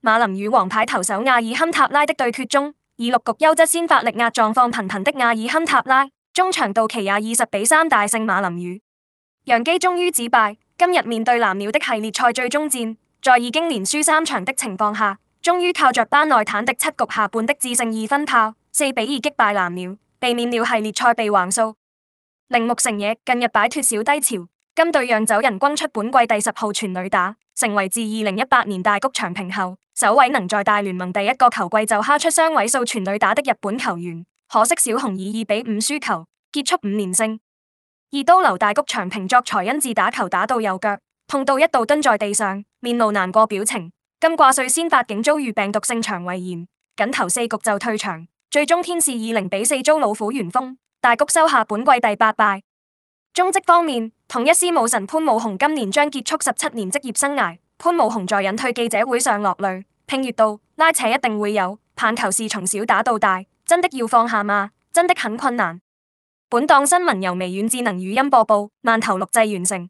馬林魚皇牌投手亞爾坎塔拉的對決中，以六局優質先發力壓狀況頻頻的亞爾坎塔拉，中場杜期也二十比三大勝馬林魚，洋基終於止敗。今日面對藍鳥的系列賽最終戰，在已經連輸三場的情況下，終於靠着班內坦的七局下半的致勝二分炮，四比二擊敗藍鳥，避免了系列賽被橫掃。鈴木誠也近日擺脫小低潮。今對讓走人轟出本季第十號全壘打，成為自二零一八年大谷翔平後首位能在大聯盟第一個球季就敲出雙位數全壘打的日本球員。可惜小熊以二比五輸球，結束五連勝。二刀流大谷翔平作才因自打球打到右腳痛到一度蹲在地上，面露難過表情。今掛帥先發竟遭遇病毒性腸胃炎，僅投四局就退場，最終天使以零比四遭老虎完封，大谷收下本季第八敗。中職方面，統一獅武神潘武雄今年將結束十七年職業生涯。潘武雄在引退記者會上落淚，並說道：拉扯一定會有，棒球是從小打到大，真的要放下嗎？真的很困難。本檔新聞由微軟智能語音播報，慢頭錄製完成。